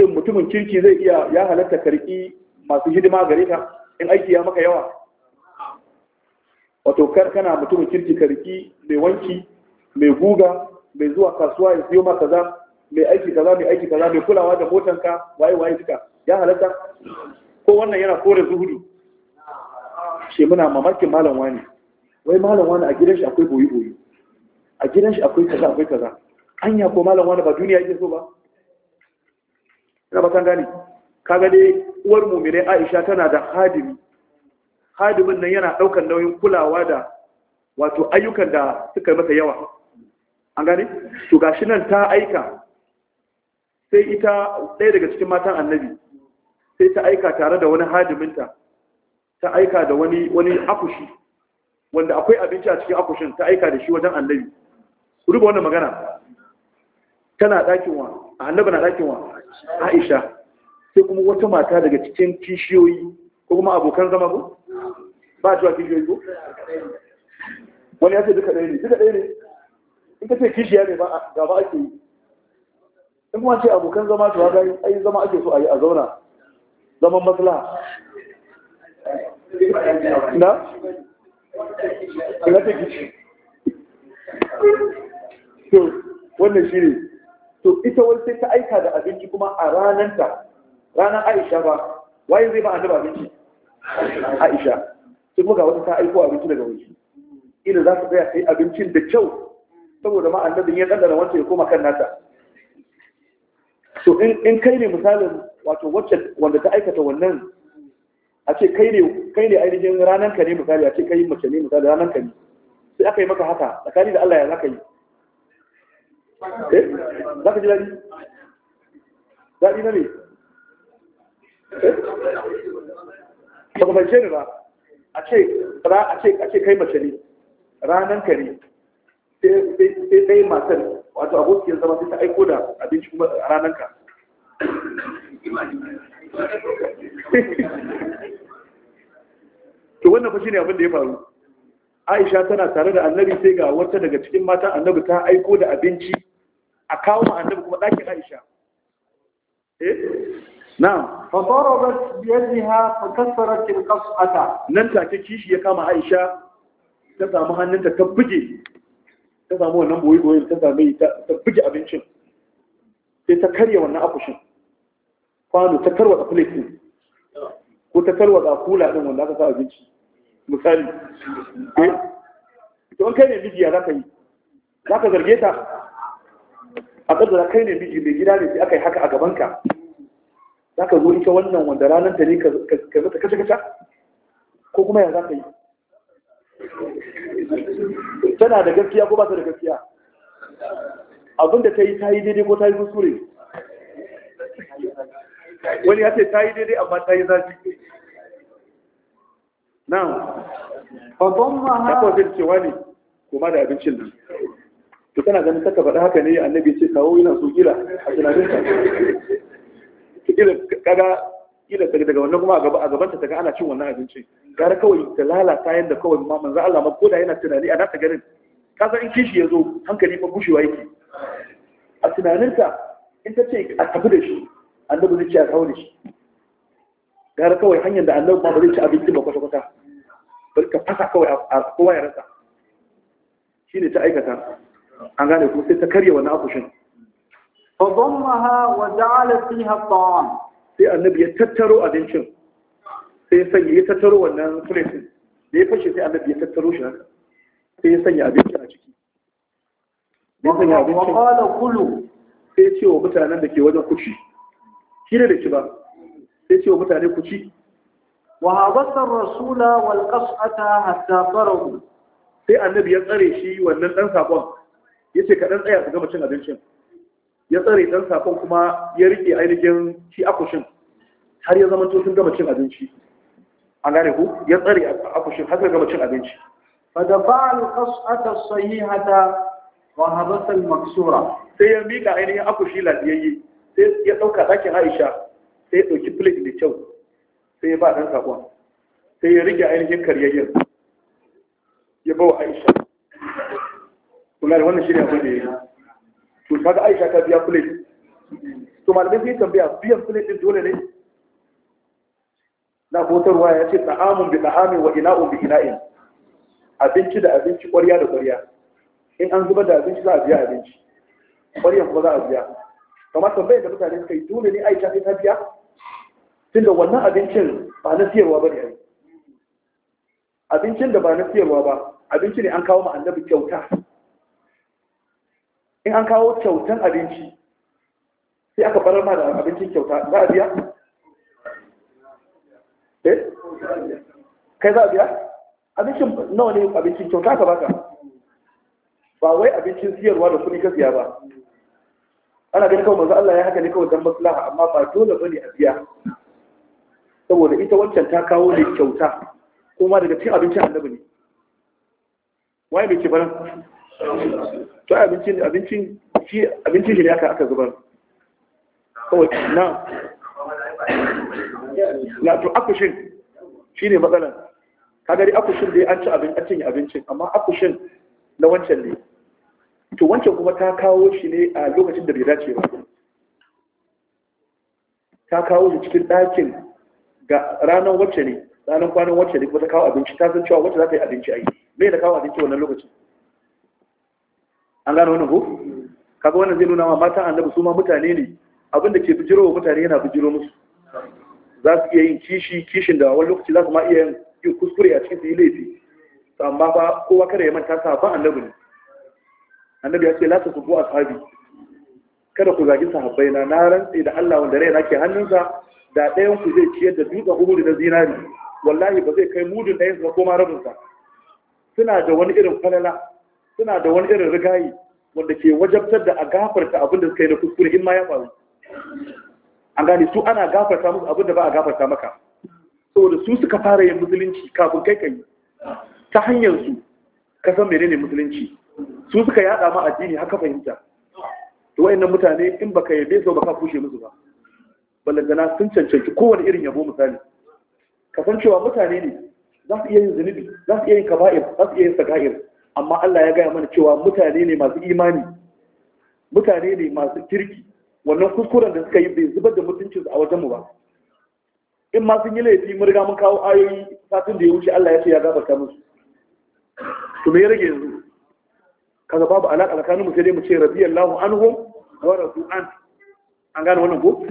shin mutumin kirki zai iya ya halatta karki masu hidima gare ka in aiki ya maka yawa wato kar kana mutumin kirki karki mai wanki mai guga mai zuwa kasuwa ya siyo maka kaza mai aiki kaza mai aiki kaza mai kulawa da motanka waye waye duka ya halatta ko wannan yana kore zuhudu ce muna mamakin malam wani wai malam wani a gidan shi akwai boyi boyi a gidan shi akwai kaza akwai kaza anya ko malam wani ba duniya yake so ba ina ba kan gani kaga dai uwar mumire Aisha tana da hadimi hadimin nan yana daukar nauyin kulawa da wato ayyukan da suka masa yawa an gani to gashi nan ta aika sai ita ɗaya daga cikin matan annabi sai ta aika tare da wani hadiminta ta aika da wani wani akushi wanda akwai abinci a cikin akushin ta aika da shi wajen annabi ruba wannan magana tana ɗakin wa annabi na ɗakin wa aisha sai kuma wata mata daga cikin kishiyoyi ko kuma abokan zama ko ba ta kishiyoyi ko wani ya ce duka ɗaya ne duka ɗaya ne in ka ce kishiya ne ba ba ake yi in kuma ce abokan zama to haka ai zama ake so a yi a zauna zaman maslaha na ina ce kishi to wannan shi ne to ita wani sai ta aika da abinci kuma a rananta ranar aisha ba waye zai ba annabi abinci aisha sai kuma ga wata ta aiko abinci daga waje ina za su tsaya sai abincin da kyau saboda ma annabin ya kaddara wanda ya koma kan nata to in kai ne misalin wato wacce wanda ta aikata wannan a ce kai ne kai ne ainihin ranar ka ne misali a ce kai mace ne misali ranar ka ne sai aka yi maka haka tsakani da Allah ya zaka yi eh za ka ji daɗi daɗi na ne eh? ba ka fahimce ni ba a ce a ce kai mace ne ranan ka ne sai ɗaya matar wato abokiyar zama sai ta aiko da abinci kuma a ranan ka to wannan fa ne abin da ya faru aisha tana tare da annabi sai ga wata daga cikin matan annabi ta aiko da abinci a kawo ma annabi kuma ɗakin aisha eh Na. fa darabat bi yadiha fa kasarat al qas'ata nan take kishi ya kama aisha ta samu hannunta ta buge ta samu wannan boye boye ta same ta buge abincin sai ta karya wannan akushin kwano ta tarwata plate ko ta a kula din wanda aka sa abinci misali eh kai ne miji ya zaka yi zaka zarge ta a kaddara kai ne miji mai gida ne sai aka yi haka a gaban ka zaka zo ita wannan wanda ranar ta ne ka mata kace kace ko kuma ya zaka yi tana da gaskiya ko ba ta da gaskiya da ta yi ta yi daidai ko ta yi kuskure wani ya ce ta yi daidai amma ta yi zafi na'am babban maha ta kwafin cewa ne kuma da abincin nan to kana ganin saka faɗa haka ne annabi ce kawo yana so gila a tunanin ka kila kaga kila daga daga wannan kuma a gaban ta ga ana cin wannan abincin gara kawai ta lalata yanda kawai ma manzo Allah ma koda yana tunani a nata garin ka san in kishi ya zo hankali ma bushewa yake a tunaninta in ta ce a tafi da shi annabi zai ce a kawo da shi gara kawai hanyar da annabi ma ba zai ci abinci ba kwata-kwata bari ka fasa kawai a kowa ya rasa shi ne ta aikata an gane kuma sai ta karya wannan akushin Babban maha wa ja'ala fiha sai annabi ya tattaro abincin sai ya sanya ya tattaro wannan plate da ya fashe sai annabi ya tattaro shi haka sai ya sanya abincin a ciki ya sanya abincin kulu sai ya ce wa mutanen da ke wajen kuci shi ne da ci ba sai ya ce wa mutane ku ci وهابط الرسول والقصعه حتى فرغوا sai annabi ya tsare shi wannan dan sakon yace ka dan tsaya ka gama cin abincin ya tsare dan sakon kuma ya rike ainihin shi akushin har ya zama to gama cin abinci an gane ku ya tsare akushin har ya gama cin abinci fa dafa al qas'ata sahihata wa habata al maksura sai ya mika ainihin akushi lafiyayye sai ya dauka dakin Aisha sai ya dauki plate da kyau sai ya ba ɗan saƙon sai ya rike ainihin karyayyar. ya ba wa aisha kuma da wannan shirya abin ya yi ta ga aisha ta biya plate to malamai sai tambaya biyan plate din dole ne na kotarwa ya ce ta'amun bi ta'amin wa ina'un bi ina'in abinci da abinci ƙwarya da ƙwarya in an zubar da abinci za a biya abinci ƙwarya kuma za a biya kamar tambayar da mutane suka yi dole ne aisha sai ta biya tunda wannan abincin ba na siyarwa ba ne abincin da ba na siyarwa ba abinci ne an kawo ma annabi kyauta in an kawo kyautan abinci sai aka barar ma da abincin kyauta za a biya? eh? kai za a biya? abincin nawa ne abincin kyauta ka baka ba wai abincin siyarwa da kuɗi ka siya ba ana ganin kawai manzo Allah ya haka ne kawai dan maslaha amma ba dole bane a biya saboda ita wancan ta kawo ne kyauta kuma daga cin abincin annabi ne waye bai ke baran to abincin abincin shi abincin shi ne aka aka zubar kawai na na to akushin ne matsalan ka gari akushin dai an ci abin an cinye abincin amma akushin na wancan ne to wancan kuma ta kawo shi ne a lokacin da bai dace ba ta kawo shi cikin ɗakin ga ranar wacce ne ranar kwanan wacce ne kuma ta kawo abinci ta san cewa wacce za ta yi abinci ai me da kawo abinci wannan lokacin an gano wannan ko kaga wannan zai nuna ma matan annabi su ma mutane ne abin da ke bijiro wa mutane yana bijiro musu za su iya yin kishi kishin da wani lokaci za su ma iya yin kuskure a cikin su yi laifi amma ba kowa kada ya manta sa ban annabi ne annabi ya ce la ta subu ashabi kada ku zagi sahabbai na na rantsi da Allah wanda raina ke hannunsa da ɗayan ku zai ciyar da dutsen uhud na zinari wallahi ba zai kai mudun ɗayan su ko ma rabin sa suna da wani irin falala suna da wani irin rigayi wanda ke wajabtar da a gafarta abin da suka yi na kuskure in ma ya faru an gane su ana gafarta musu abin da ba a gafarta maka saboda su suka fara yin musulunci kafin kai kai ta hanyar su ka san menene musulunci su suka yada ma addini haka fahimta to wayannan mutane in baka yabe su baka fushe musu ba balagana sun cancanci kowane irin yabo misali kasancewa mutane ne za su iya yin zunubi za su iya yin kaba'ir za su iya yin saka'ir amma Allah ya gaya mana cewa mutane ne masu imani mutane ne masu kirki wannan kuskuren da suka yi bai zubar da mutuncinsu a mu ba in ma sun yi laifi mun riga mun kawo ayoyi satin da ya wuce Allah ya ce ya gafarta musu to me ya rage yanzu kaga babu alaƙa tsakanin mu sai dai mu ce radiyallahu anhum wa radu an an gane wannan ko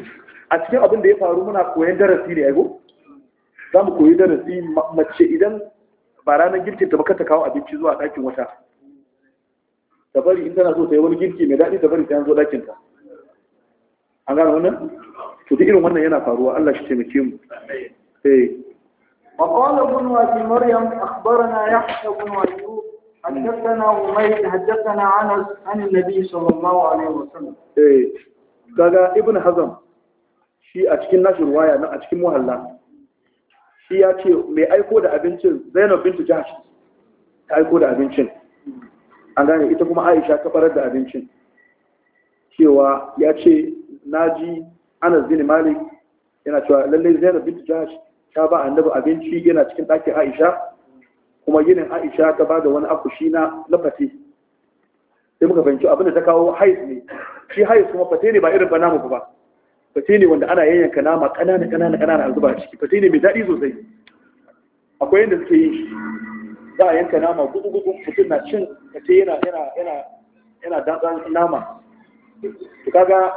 a cikin abin da ya faru muna koyan darasi ne aiko za mu koyi darasi mace idan ba ranar girkin ta ta kawo abinci zuwa ɗakin wata ta bari in tana so ta yi wani girki mai daɗi ta bari ta yanzu dakin ta an gano wannan to duk irin wannan yana faruwa Allah shi taimake mu eh وقال ابن أبي مريم أخبرنا يحيى بن أيوب حدثنا أمير حدثنا عنس عن النبي صلى الله عليه وسلم. إيه. قال ابن حزم shi a cikin nashi waya na a cikin muhalla shi ya ce mai aiko da abincin zainab bintu jahash ta aiko da abincin an gane ita kuma aisha ta farar da abincin cewa ya ce naji anas bin malik yana cewa lallai zainab bintu jahash ta ba annabi abinci yana cikin ɗakin aisha kuma yinin aisha ta ba da wani akushi na lafati sai muka fahimci abin da ta kawo haiz ne shi haiz kuma fate ne ba irin banamu ba fate ne wanda ana yayyanka nama kanana kanana kanana a zuba ciki fate ne mai daɗi sosai akwai yadda suke yi shi za a yanka nama gugu gugu mutum na cin fate yana yana yana yana dantsan nama to kaga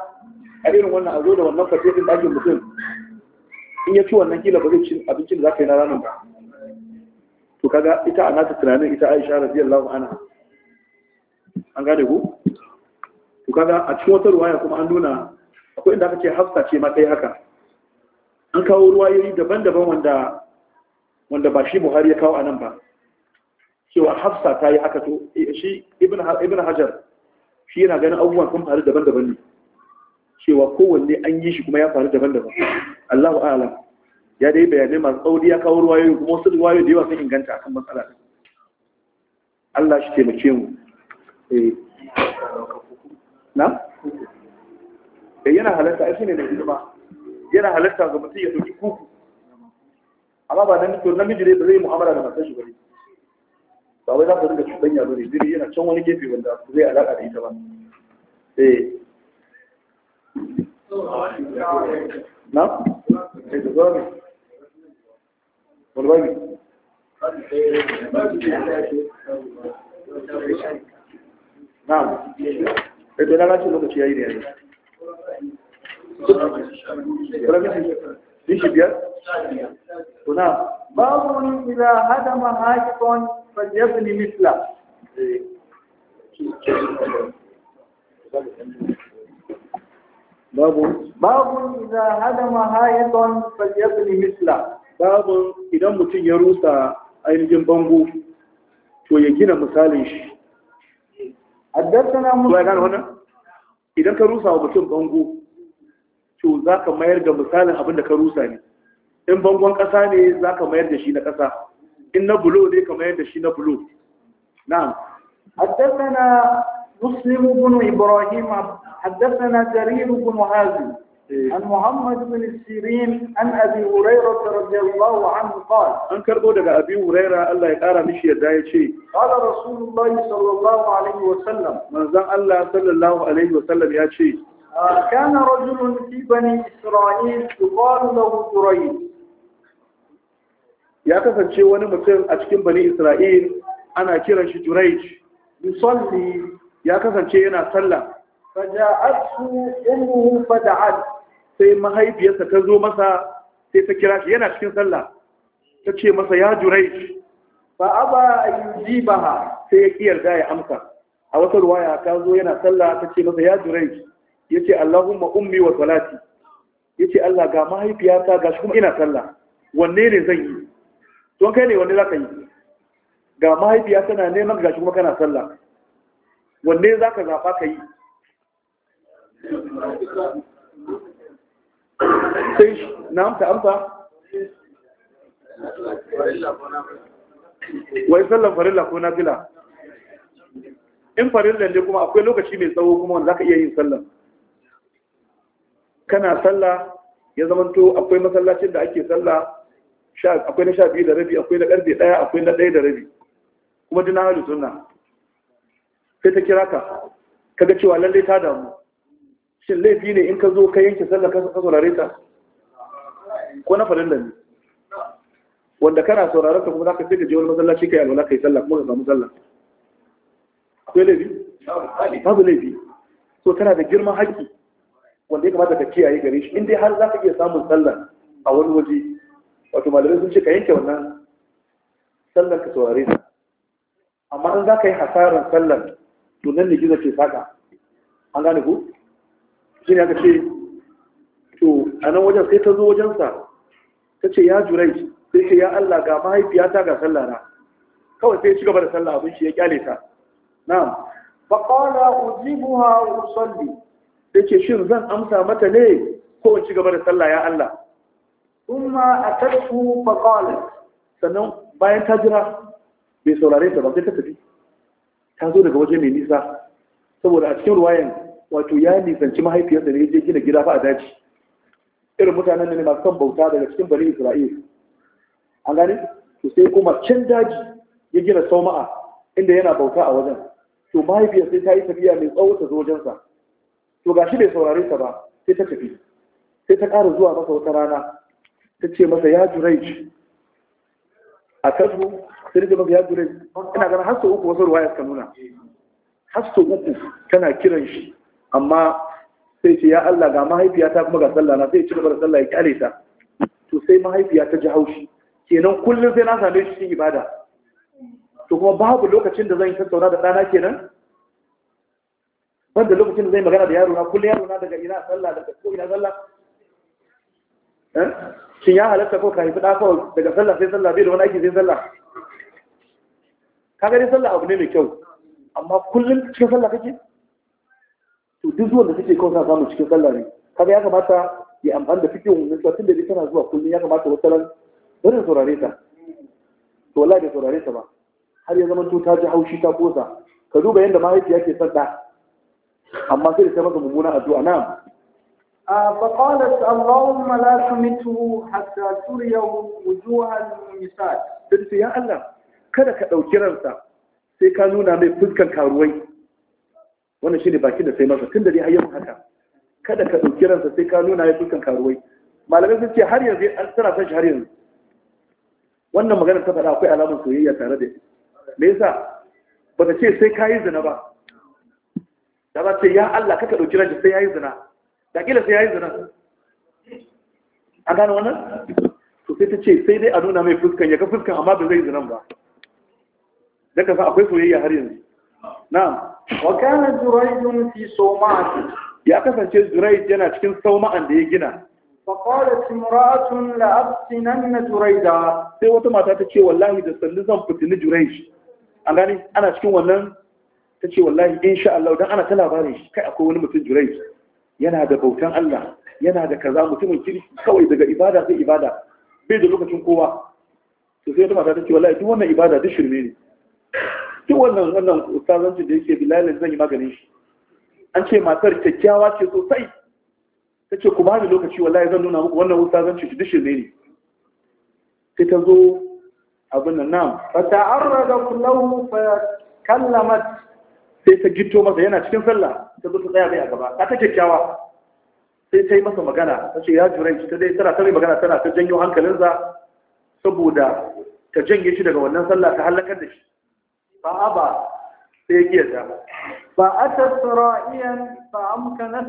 a irin wannan a zo da wannan fate din ɗakin mutum in ya ci wannan kila ba zai ci abincin da za ka yi na ranar ba to kaga ita a nata tunanin ita aisha radiyallahu anha an gane ku to kaga a cikin wata ruwaya kuma an nuna akwai inda aka ce hafsa ce ma ta yi haka an kawo ruwayoyi daban-daban wanda wanda ba shi buhari ya kawo a nan ba cewa hafsa ta yi haka to eh, shi ibn hajar shi yana ganin abubuwan sun faru daban-daban ne cewa kowanne an yi shi kuma ya faru daban-daban allahu ala ya dai bayanai masu tsauri ya kawo ruwayoyi kuma wasu ruwayoyi da yawa sun inganta akan matsala Allah shi taimake mu eh. na da eh, yana halatta ai shine da hidima yana halatta ga mutum ya dauki kuku amma ba nan to namiji ne ba zai mu'amala da matar shi bane ba wai za ka dinga cutan yaro ne dai yana can wani gefe wanda zai alaka da ita ba eh na eh da zami wallahi na'am eh, na ga lokaci yayi ne Babun iza idan mutum ya rusa ainihin bangu, to ya gina misalin shi. Haddasa na mutum. idan ka rusa wa mutum bango to za ka mayar da misalin abin da ka rusa ne in bangon ƙasa ne za ka mayar da shi na ƙasa in na bulo ne ka mayar da shi na bulo na'am حدثنا مسلم ibrahim haddasa na جرير بن هازم عن محمد بن سيرين عن أبي هريرة رضي الله عنه قال أن كربو دقى أبي هريرة الله يقارى مشي يدعي شيء قال رسول الله صلى الله عليه وسلم من ذا الله صلى الله عليه وسلم يا شيء كان رجل في بني إسرائيل يقال له جريج ya kasance wani mutum a cikin bani isra'il ana kiran shi juraic yusalli ya kasance yana sallah faja'atsu ummuhu fada'at sai mahaifiyarsa ta zo masa sai ta kira shi yana cikin sallah ta ce masa ya jurai ji ba ha sai ya ƙi yarda ya amsa a wata ruwaya ta zo yana sallah ta ce masa ya jurai ce Allahumma ummi wa salati ce Allah ga ga shi kuma ina sallah wanne ne zan yi don kai ne wanne zaka yi ga mahaifiya tana neman ga shi kuma kana sallah wanne zaka zaɓa ka yi sai na amsa amsa wai sallan farilla ko nafila in farilla ne kuma akwai lokaci mai tsawo kuma wanda zaka iya yin sallan kana sallah ya zamanto akwai masallacin da ake sallah akwai na sha biyu da rabi akwai na karfe daya akwai na daya da rabi kuma dina da sunna sai ta kira ka kaga cewa lallai ta damu shin laifi ne in ka zo ka yanke sallah ka saurare ta ko na da ne wanda kana saurare ta kuma za ka sai ka je wani masallaci ka yi alwala ka yi sallah kuma ka samu sallah akwai laifi babu laifi so tana da girman haƙƙi wanda ya kamata ka kiyaye gare shi in dai har za ka iya samun sallah a wani waje wato malamai sun ce ka yanke wannan sallar ka saurare ta amma in za ka yi hasarar sallar to nan ne gizo ce saka an gane ku shi ne aka ce to a nan wajen sai ta zo wajensa ta ce ya jurai sai ce ya Allah ga mahaifiyata ga sallah na kawai sai ci gaba da sallah abin shi ya kyale ta na'am fa qala ujibuha wa usalli ce shin zan amsa mata ne ko in ci gaba da sallah ya Allah kuma atatu fa qalat sannan bayan ta jira bai saurare ta ba sai ta tafi ta zo daga waje mai nisa saboda a cikin ruwayan wato ya nisanci mahaifiyarsa ne ya je gina gida ba a daji irin mutanen ne masu son bauta daga cikin bari isra'il an gane to sai kuma can daji ya gina sauma'a inda yana bauta a wajen to mahaifiyar sai ta yi tafiya mai tsawo ta zo wajensa to gashi bai saurare ta ba sai ta tafi sai ta ƙara zuwa masa wata rana ta ce masa ya jurai a kasu sai ta masa ya jurai ina ganin hasso uku wasu ruwaya suka nuna hasso uku tana kiran shi amma sai ce ya Allah ga mahaifiyata kuma ga sallah na sai ci gaba da sallah ya kyale ta to sai mahaifiya ta ji haushi kenan kullum sai na same shi cikin ibada to kuma babu lokacin da zan tattauna da ɗana kenan wanda lokacin da zai magana da yaro na kullum yaro na daga ina sallah daga ko ina sallah eh? shin ya halatta ko ka haifi ɗafa daga sallah sai sallah bai da wani aiki sai sallah ka gani sallah abu ne mai kyau amma kullum cikin sallah kake to duk zuwan da suke kawai samun samu cikin sallah ne kaga ya kamata ya amfani da fikin wannan tun da tana zuwa kullum ya kamata wata ran barin saurare ta to wallahi bai saurare ta ba har ya zama ta ji haushi ta kosa ka duba yadda mahaifiya ke sadda amma sai da ta maka mummunan addu'a na فقالت اللهم لا تمته حتى تريه وجوه النساء تنسي يا الله kada ka ɗauki ransa sai ka nuna mai fuskan karuwai wannan shi ne baki da sai masa tun da dai hayyan haka kada ka ɗauki ransa sai ka nuna ya dukkan karuwai malamai sun ce har yanzu an tana son shi har yanzu wannan magana ta faɗa akwai alamar soyayya tare da me yasa ba ta ce sai ka yi zina ba da ba ce ya Allah kaka ɗauki ransa sai ya yi zina da kila sai ya yi zina an gane wannan to sai ta ce sai dai a nuna mai fuskan ya ga fuskan amma ba zai zinan ba daga sa akwai soyayya har yanzu na'am wa kana zuraidun fi sawma'ati ya kasance zuraid yana cikin sauma'an da ya gina fa qalat imra'atun la abtinanna zuraida sai wata mata ta ce wallahi da sallu zan fitini zuraid an gani ana cikin wannan ta ce wallahi insha Allah dan ana ta labarin shi kai akwai wani mutum zuraid yana da bautan Allah yana da kaza mutumin kirki kawai daga ibada sai ibada bai da lokacin kowa to sai wata mata ta ce wallahi duk wannan ibada duk shirme ne duk wannan wannan ustazanci da yake bilalin zan yi maganin shi an ce matar kyakkyawa ce sosai ta ce ku da lokaci wallahi zan nuna muku wannan ustazanci shi dishin ne sai ta zo abin nan nan fa ta'arrada kullahu fa kallamat sai ta gito masa yana cikin sallah ta zo ta tsaya bai a gaba ta ta kyakkyawa sai ta yi masa magana ta ce ya shi ta dai tana ta yi magana tana ta janyo hankalinsa saboda ta janye shi daga wannan sallah ta halakar da shi fa aba sai ya ta fa atasra'iyan fa